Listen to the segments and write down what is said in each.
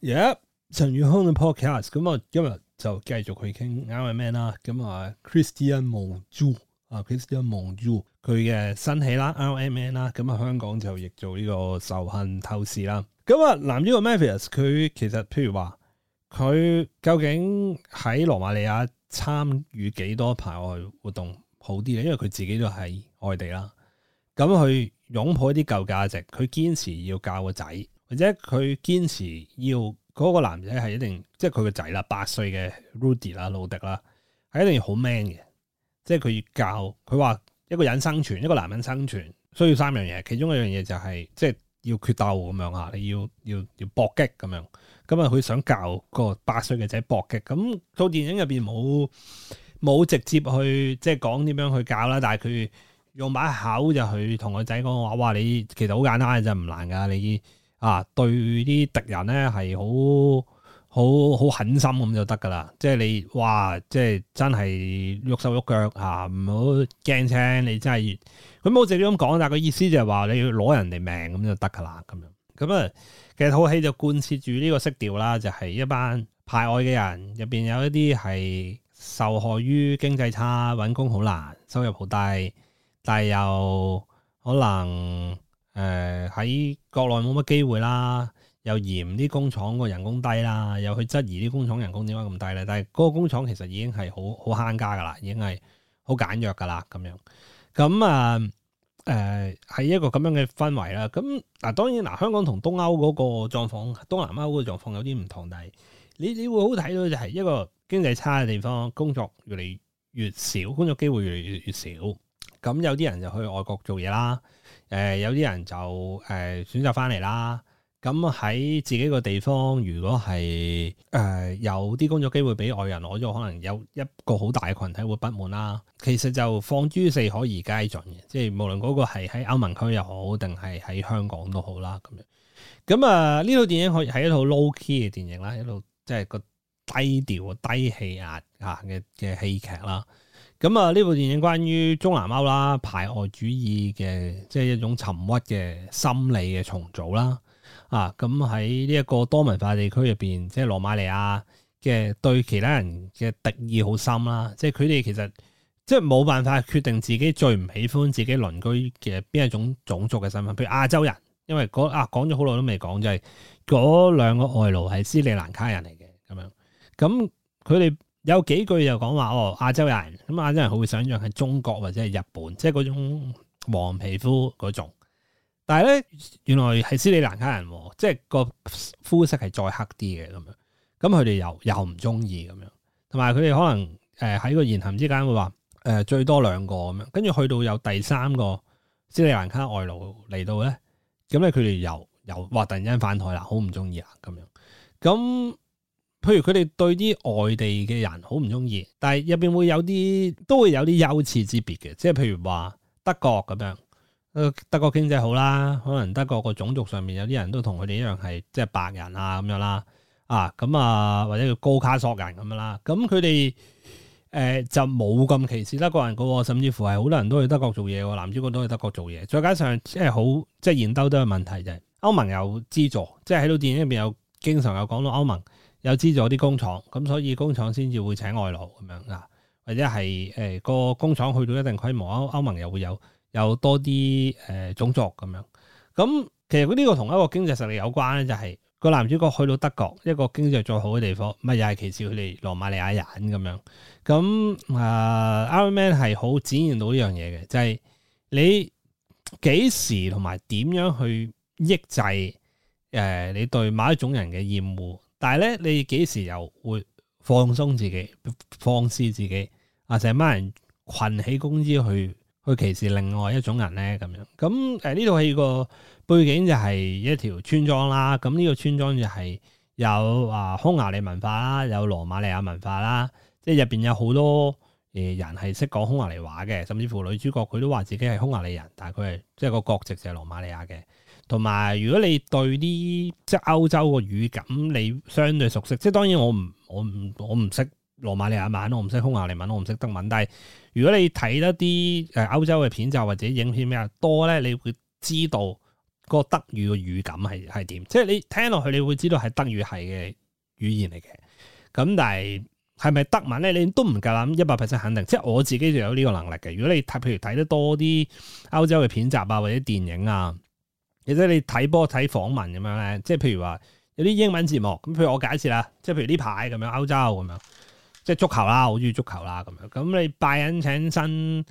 耶！陳宇康嘅 podcast，咁我今日就繼續去傾 R M N 啦。咁啊，Cristian Mungiu 啊，Cristian Mungiu 佢嘅新戲啦，R M N 啦，咁啊香港就譯做呢個仇恨透視啦。咁啊，南、這、約、個、Matthias 佢其實譬如話，佢究竟喺羅馬尼亞參與幾多排外活動好啲咧？因為佢自己都喺外地啦，咁佢擁抱一啲舊價值，佢堅持要教個仔。或者佢堅持要嗰個男仔係一定，即係佢個仔啦，八歲嘅 Rudy 啦，老迪啦，係一定要好 man 嘅，即係佢要教佢話一個人生存，一個男人生存需要三樣嘢，其中一樣嘢就係即係要決鬥咁樣啊，你要要要搏擊咁樣，咁啊佢想教個八歲嘅仔搏擊，咁到電影入邊冇冇直接去即係講點樣去教啦，但係佢用把口就去同個仔講話，哇！你其實好簡單嘅啫，唔難噶，你。啊，對啲敵人咧係好好好狠心咁就得噶啦，即係你哇，即係真係喐手喐腳嚇，唔好驚青，你真係佢冇直接咁講，但係個意思就係話你要攞人哋命咁就得噶啦，咁樣咁啊，其實套戲就貫徹住呢個色調啦，就係、是、一班排外嘅人入邊有一啲係受害於經濟差，搵工好難，收入好低，但係又可能。誒喺、呃、國內冇乜機會啦，又嫌啲工廠個人工低啦，又去質疑啲工廠人工點解咁低咧？但係嗰個工廠其實已經係好好慳家噶啦，已經係好簡約噶啦咁樣。咁啊誒，係、呃呃、一個咁樣嘅氛圍啦。咁嗱，當然嗱、呃，香港同東歐嗰個狀況，東南歐嗰個狀況有啲唔同，但係你你會好睇到就係一個經濟差嘅地方，工作越嚟越少，工作機會越嚟越少。咁有啲人就去外國做嘢啦。誒、呃、有啲人就誒、呃、選擇翻嚟啦，咁、嗯、喺自己個地方，如果係誒、呃、有啲工作機會俾外人，攞咗，可能有一個好大嘅群體會不滿啦。其實就放諸四海而皆準嘅，即係無論嗰個係喺歐盟區又好，定係喺香港都好啦。咁樣咁啊，呢、嗯、套、呃、電影可以係一套 low key 嘅電影啦，一套即係個低調、低氣壓啊嘅嘅戲劇啦。咁啊！呢部電影關於中南歐啦，排外主義嘅，即係一種沉鬱嘅心理嘅重組啦。啊，咁喺呢一個多文化地區入邊，即係羅馬尼亞嘅對其他人嘅敵意好深啦。即係佢哋其實即係冇辦法決定自己最唔喜歡自己鄰居嘅邊一種種族嘅身份，譬如亞洲人。因為嗰啊講咗好耐都未講，就係、是、嗰兩個外勞係斯里蘭卡人嚟嘅咁樣。咁佢哋。有幾句又講話哦，亞洲人咁、嗯、亞洲人好會想象係中國或者係日本，即係嗰種黃皮膚嗰種。但係咧，原來係斯里蘭卡人，即係個膚色係再黑啲嘅咁樣。咁佢哋又又唔中意咁樣，同埋佢哋可能誒喺、呃、個言行之間會話誒、呃、最多兩個咁樣，跟住去到有第三個斯里蘭卡外勞嚟到咧，咁咧佢哋又又哇突然間翻台啦，好唔中意啊，咁樣，咁。譬如佢哋對啲外地嘅人好唔中意，但係入邊會有啲都會有啲優次之別嘅，即係譬如話德國咁樣，德國經濟好啦，可能德國個種族上面有啲人都同佢哋一樣係即係白人啊咁樣啦，啊咁啊或者叫高卡索人咁樣啦，咁佢哋誒就冇咁歧視德國人嘅，甚至乎係好多人都去德國做嘢，男主角都去德國做嘢，再加上即係好即係研究都有問題就係、是、歐盟有資助，即係喺度電影入面有經常有講到歐盟。有資助啲工廠，咁所以工廠先至會請外勞咁樣嗱，或者係誒個工廠去到一定規模，歐，歐盟又會有有多啲誒、呃、種族咁樣。咁其實呢個同一個經濟實力有關咧，就係、是、個男主角去到德國，一個經濟最好嘅地方，乜又係歧視佢哋羅馬尼亞人咁樣。咁啊、呃、Iron Man 係好展現到呢樣嘢嘅，就係、是、你幾時同埋點樣去抑制誒、呃、你對某一種人嘅厭惡？但係咧，你幾時又會放鬆自己、放肆自己啊？成班人群起攻之去去歧視另外一種人咧，咁樣咁誒？呢度係個背景就係一條村莊啦。咁、嗯、呢、這個村莊就係有啊、呃、匈牙利文化啦，有羅馬尼亞文化啦。即係入邊有好多誒人係識講匈牙利話嘅，甚至乎女主角佢都話自己係匈牙利人，但係佢係即係個國籍就係羅馬尼亞嘅。同埋，如果你對啲即係歐洲個語感，你相對熟悉，即係當然我唔我唔我唔識羅馬尼亞文，我唔識匈牙利文，我唔識德文。但係如果你睇得啲誒歐洲嘅片集或者影片比較多咧，你會知道個德語嘅語感係係點。即係你聽落去，你會知道係德語系嘅語言嚟嘅。咁但係係咪德文咧？你都唔夠膽一百 percent 肯定，即係我自己就有呢個能力嘅。如果你睇譬，譬如睇得多啲歐洲嘅片集啊或者電影啊。你睇你睇波睇訪問咁樣咧，即係譬如話有啲英文節目，咁譬如我解釋啦，即係譬如呢排咁樣歐洲咁樣，即係足球啦，好中意足球啦咁樣。咁你拜仁請新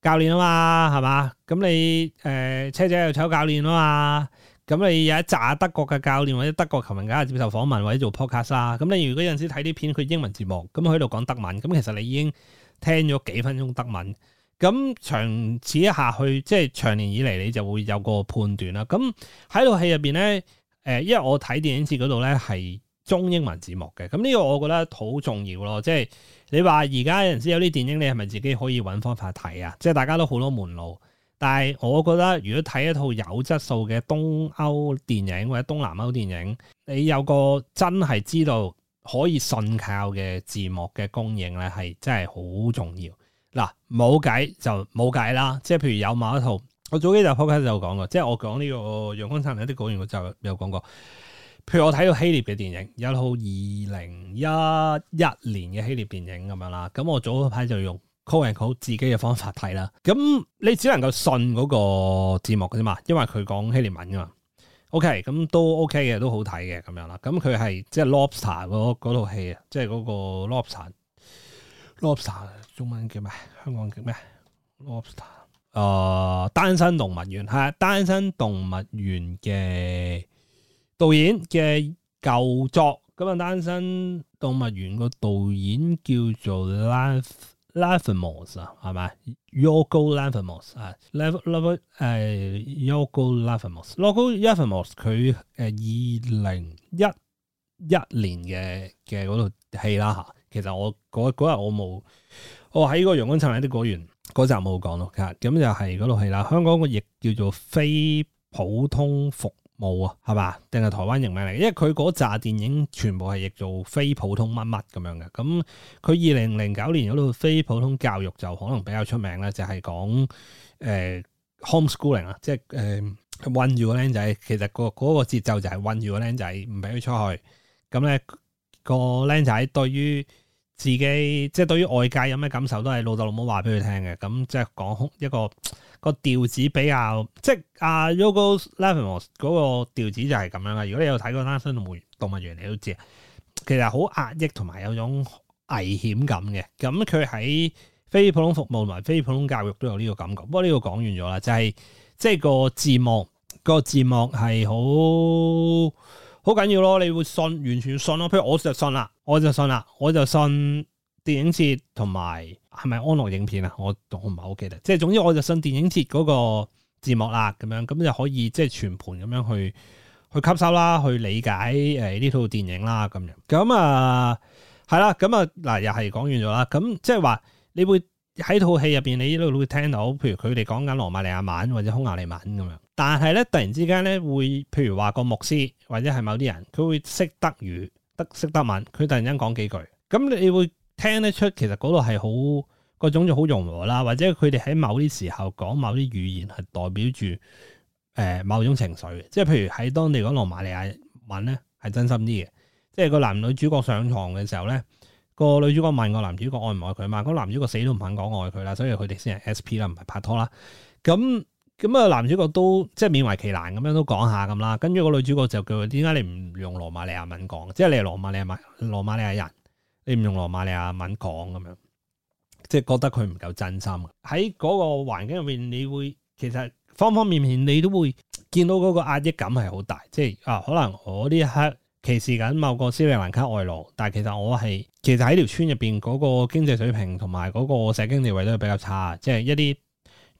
教練啊嘛，係嘛？咁你誒、呃、車仔又炒教練啊嘛，咁你有一集德國嘅教練或者德國球員梗係接受訪問或者做 podcast 啦。咁你如果有陣時睇啲片，佢英文字幕，咁佢喺度講德文，咁其實你已經聽咗幾分鐘德文。咁長此下去，即係長年以嚟，你就會有個判斷啦。咁喺套戲入邊咧，誒，因為我睇電影節嗰度咧係中英文字幕嘅。咁呢個我覺得好重要咯。即係你話而家有陣時有啲電影，你係咪自己可以揾方法睇啊？即係大家都好多門路，但係我覺得如果睇一套有質素嘅東歐電影或者東南歐電影，你有個真係知道可以信靠嘅字幕嘅供應咧，係真係好重要。嗱，冇計就冇計啦，即係譬如有某一套，我早幾集 podcast 就講過，即係我講呢個陽光燦爛啲講完我就有講過，譬如我睇到希臘嘅電影，有一套二零一一年嘅希臘電影咁樣 call call 啦，咁我早排就用 call and call 自己嘅方法睇啦，咁你只能夠信嗰個字幕嘅啫嘛，因為佢講希臘文噶嘛，OK，咁都 OK 嘅，都好睇嘅咁樣啦，咁佢係即係 Lobster 嗰套戲啊，即係嗰個 Lobster。中文叫咩？香港叫咩 lobster 誒、呃、單身動物園係啊，單身動物園嘅導演嘅舊作。咁啊，單身動物園個導演叫做 Lanthimos 啊，係咪 Yorgos Lanthimos 啊 labella 誒 Yorgos Lanthimos logo e 佢，誒，二零一一年嘅嗰套戲啦吓。其實我嗰日我冇，我喺個陽光燦爛啲果園嗰集冇講到，咁就係嗰度係啦。香港個譯叫做非普通服務啊，係嘛？定係台灣譯名嚟？因為佢嗰集電影全部係譯做非普通乜乜咁樣嘅。咁佢二零零九年嗰套《非普通教育》就可能比較出名啦，就係講誒 homeschooling 啊，呃、ing，即係誒、呃、困住個僆仔。其實、嗰個嗰、嗰個節奏就係困住個僆仔，唔俾佢出去。咁、嗯、咧、嗰個僆仔對於自己即係對於外界有咩感受，都係老豆老母話俾佢聽嘅。咁、嗯、即係講一個一個，一個調子比較，即係、啊、阿 Yorgos Lanthimos 嗰個調子就係咁樣啦。如果你有睇過《單身動物，動物園》，你都知啊，其實好壓抑同埋有種危險感嘅。咁佢喺非普通服務同埋非普通教育都有呢個感覺。不過呢個講完咗啦，就係、是、即係個字幕，個字幕係好。好緊要咯，你會信完全信咯，譬如我就信啦，我就信啦，我就信電影節同埋係咪安樂影片啊？我我唔係好記得，即係總之我就信電影節嗰個字幕啦，咁樣咁就可以即係全盤咁樣去去吸收啦，去理解誒呢、呃、套電影啦，咁樣咁啊係啦，咁啊嗱又係講完咗啦，咁即係話你會喺套戲入邊，你都會聽到，譬如佢哋講緊羅馬尼亞文或者匈牙利文咁樣。但係咧，突然之間咧會，譬如話個牧師或者係某啲人，佢會識德語，得識德文，佢突然間講幾句，咁你你會聽得出，其實嗰度係好個種就好融和啦，或者佢哋喺某啲時候講某啲語言係代表住誒、呃、某種情緒，即係譬如喺當地講羅馬尼亞文咧係真心啲嘅，即係個男女主角上床嘅時候咧，個女主角問個男主角愛唔愛佢嘛，個男主角死都唔肯講愛佢啦，所以佢哋先係 S.P 啦，唔係拍拖啦，咁。咁啊，男主角都即係勉為其難咁樣都講下咁啦，跟住個女主角就叫佢，點解你唔用羅馬尼亞文講？即係你係羅馬尼亞羅馬尼亞人，你唔用羅馬尼亞文講咁樣，即係覺得佢唔夠真心。喺嗰個環境入面，你會其實方方面面你都會見到嗰個壓抑感係好大。即係啊，可能我呢一刻歧視緊某個斯里蘭卡外勞，但係其實我係其實喺條村入邊嗰個經濟水平同埋嗰個社經地位都係比較差，即係一啲。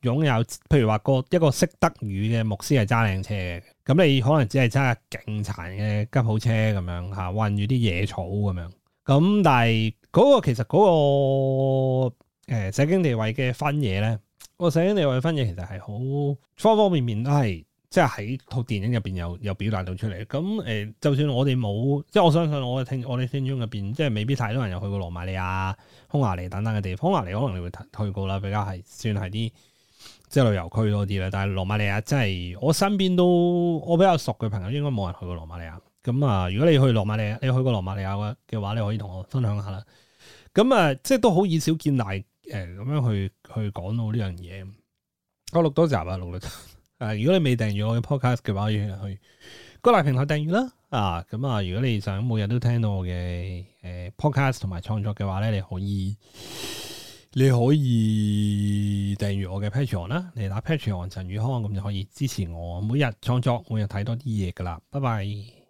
擁有譬如話個一個識德語嘅牧師係揸靚車嘅，咁你可能只係揸緊勁殘嘅吉普車咁樣嚇，運住啲野草咁樣。咁、啊、但係嗰、那個其實嗰、那個欸，社經地位嘅分野咧，個社經地位嘅分野其實係好方方面面都係即係喺套電影入邊有有表達到出嚟。咁、啊、誒，就算我哋冇，即係我相信我聽我哋聽眾入邊，即係未必太多人有去過羅馬尼亞、匈牙利等等嘅地方。匈牙利可能你會去過啦，比較係算係啲。即係旅遊區多啲啦，但係羅馬尼亞真係我身邊都我比較熟嘅朋友應該冇人去過羅馬尼亞。咁啊，如果你去羅馬尼亞，你去過羅馬尼亞嘅嘅話，你可以同我分享下啦。咁啊，即係都好以小見大，誒、呃、咁樣去去講到呢樣嘢。我錄多集啊，啦、啊，錄 誒、呃。如果你未訂閱我嘅 podcast 嘅話，可以去各大平台訂閱啦。啊，咁啊，如果你想每日都聽到我嘅誒、呃、podcast 同埋創作嘅話咧，你可以。你可以訂閱我嘅 Patreon 啦，你打 Patreon 陳宇康，咁就可以支持我每日創作，每日睇多啲嘢噶啦，拜拜。